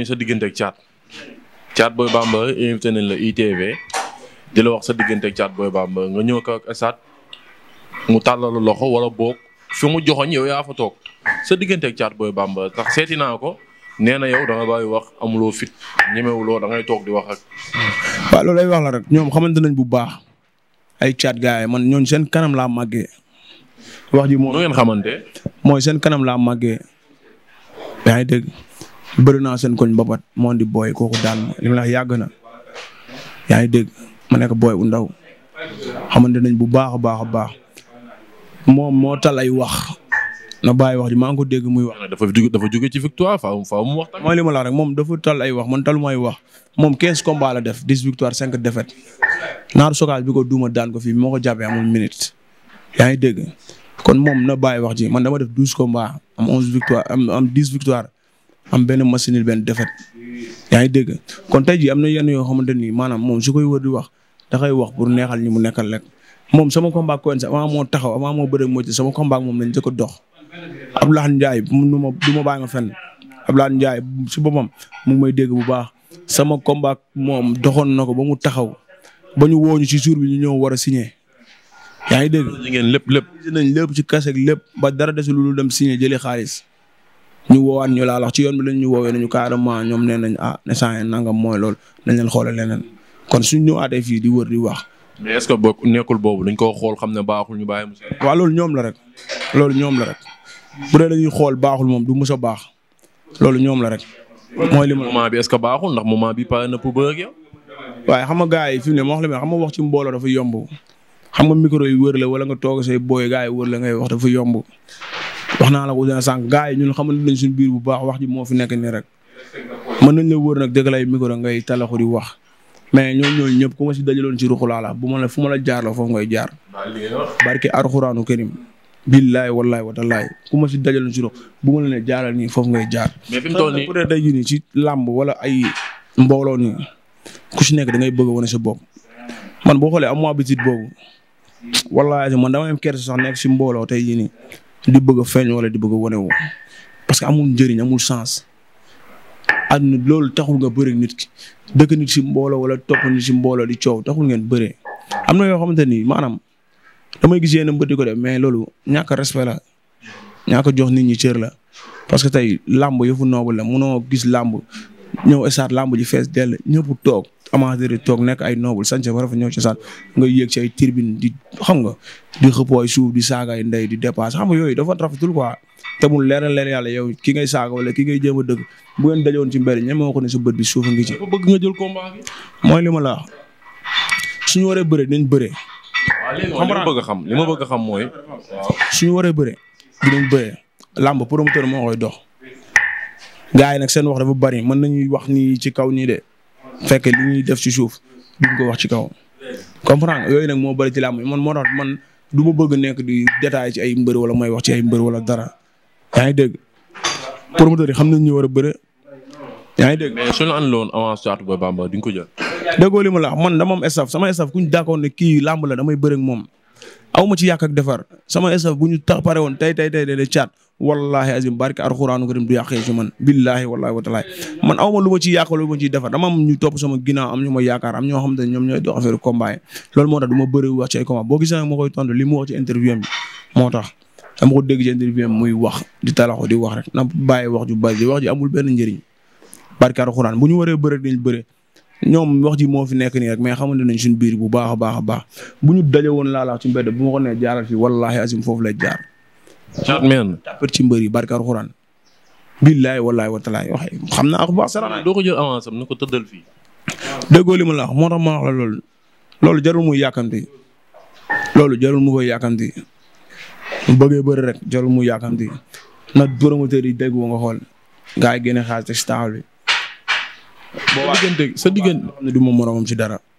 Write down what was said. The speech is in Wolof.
nañu sa diggante ak caat caat booy bamba invité nañ la ITV di la wax sa diggante ak caat booy bamba nga ñëw ko ak esaat mu tàllal loxo wala boog fi mu joxoñ yow yaa fa toog sa diggante ak caat booy bamba tax seeti naa ko nee na yow da nga wax amuloo fit ñemewuloo da ngay toog di wax ak. waaw loolu lay wax la rek ñoom xamante bu baax ay caat gaay man ñooñ kanam laa màggee. wax ji moo mooy seen kanam laa màggee. yaa ngi bëri naa seen koñ mbapat moo di booy kooku daan li ma la yàgg na yaa ngi dégg ma nekk booy bu ndaw xamante nañ bu baax a baax a baax moom moo tal ay wax na bàyyi wax ji maa ngi ko dégg muy wax. dafa dafa jóge ci victoire faaw faaw mu wax. mooy li rek moom dafa tal ay wax man talu may wax moom 15 combats la def 10 victoire 5 defet naaru sokaas bi ko duuma daan ko fii moo ko jàppee amul minute yaa ngi dégg kon moom na bàyyi wax ji man dama def 12 combats am 11 victoire am am 10 victoire. am benn machine benn defet yaa ngi dégg kon tey jii am na yenn yoo xamante ni maanaam moom su koy wër di wax daxay wax pour neexal ñi mu nekkal rek moom sama combat ak Quench avant moo taxaw avant moo bëre moo ci sama combat moom lañ jëkk a dox. Abdoulaye Ndiaye du ma du ma bàyyi ma fenn Abdoulaye Ndiaye si boppam mu ngi dégg bu baax sama combat moom doxoon na ko ba mu taxaw ba ñu wooñu si ci bi ñu ñëw war a signé. yaa ngi dégg lépp lépp lépp ci kase lépp ba dara desul lu dem signé jëlee xaalis. ñu woowaat ñu laal wax ci yoon bi lañ ñu woowee nañu carrément ñoom ne nañ ah ne saa nangam mooy lool nañ leen xoolal leneen kon suñ ñëwaatee fii di wër di wax. mais ce que boo nekkul boobu dañ koo xool xam ne baaxul ñu bàyyi monsieur. ñoom la rek loolu ñoom la rek bu dee dañuy xool baaxul moom du mës a baax loolu ñoom la rek. mooy li ma moment bi est baaxul ndax moment bi pare na pour bëgg yow. waaye xam nga gars yi fi mu ne ma wax la xam nga wax ci mbooloo dafa yomb xam nga micro yi wër le wala nga toog say booy gars yi wër la ngay wax dafa yomb wax naa la ko dina sànq gars yi ñun xamante nañ suñu biir bu baax wax ji moo fi nekk nii rek mën nañ la wóor nag dëgg lay micro ngay talaxu di wax mais ñoom ñooñu ñëpp ku ma si dajaloon ci ruxulaa la bu ma la fu ma la jaar la foofu ngay jaar barke arxuraanu karim billaay wallaay ku ma si dajaloon ci ruux bu ma la ne jaaral nii foofu ngay jaar mais fi mu toll nii peut être ci làmb wala ay mbooloo nii ku si nekk da ngay bëgg a sa bopp man boo xoolee am habitude boobu wallaay man dama am kersa sax nekk si mbooloo tey yii nii di bëgg a feeñ wala di bëgg a wane woo parce que amul njëriñ amul sens. àdduna loolu taxul nga bëri nit ki dëkk nit si mbooloo wala topp nit si mbooloo di coow taxul ngeen bëree am na yoo xamante ni maanaam damay gis yenn mbët di ko def mais loolu ñàkk respect la ñàkk jox nit ñi cër la. parce que tey làmb yëfu noobu la munoo gis làmb ñëw esaat làmb ji fees dell ñëpp toog amateur toog nekk ay noble sañse ba rafet ñëw cosaan nga yéeg ci ay tribune di xam nga di xëppoo ay suuf di saaga ay ndey di dépassé xam nga yooyu dafa rafetul quoi te mu leer leer yàlla yow ki ngay saaga wala ki ngay jéem a dëgg bu ngeen dajoon ci mbedd ñe moo ko ne sa bët bi suuf ngi ci. bëgg nga jël combat bi. mooy li ma la suñu waree bëree dinañ bëree. waaw li ma bëgg a xam li ma a xam mooy. suñu waree bëree dinañ bëree làmb promoteur moo koy dox. gars yi nag seen wax dafa bari mën nañuy wax nii ci kaw nii de fekk li ñuy def ci suuf duñ ko wax ci kaw comprendre nga yooyu nag moo bëri ci làmb man moo tax man du ma bëgg nekk di détail ci ay mbër wala may wax ci ay mbër wala dara yaa ngi dégg promoteur yi xam na ñu war a bëre yaa ngi dégg. mais suñu la àndaloon avance Thiatou Boy di nga ko jël. déggoo li ma la man dama am staff sama staff ku ñu d'accord kii làmb la damay bëre moom. aw ma ci yàq ak defar sama staff bu ñu tax pare woon tey tey tey de caat wallaahi azim barke alxuraanu karim du yàqee ci man wa taala man aw ma lu ma ciy yàq lu ma ciy defar dama am ñu topp sama ginnaaw am ñu ma yaakaar am ñoo xam te ne ñoom ñooy dox affaire combat yi loolu moo tax du ma bëri wax ci ay combat boo gisee nag moo koy tontu li mu wax ci interview am ko dégg ci interview muy wax di talaxo di wax rek na baay wax ju bari wax ji amul benn njëriñ barke alxuraan bu ñu waree bëri dañ bëri ñoom wax ji moo fi nekk ni rek mais xamante nañ suñu biir bu baax a baax a baax bu ñu daje woon laa laax ci mbedd bu ma kon nee jaaral fii wallaahi azim foofu lay jaar. Thiat Mène tàppat ci mbër yi barke alxuraan. billaahi wallaahi watalaay waxe xam naa ko baax saraan. doo ko jël avance am na ko tëddal fi déggoo li ma la wax moo tax ma wax la loolu loolu jarul muy yàkkamti loolu jarul mu koy yàkkamti mu bari rek jarul mu yàkkamti na promoteur yi dégg nga xool gars yi génne xaalis te si bi sa diggante sa diggante du ma moromam ci dara.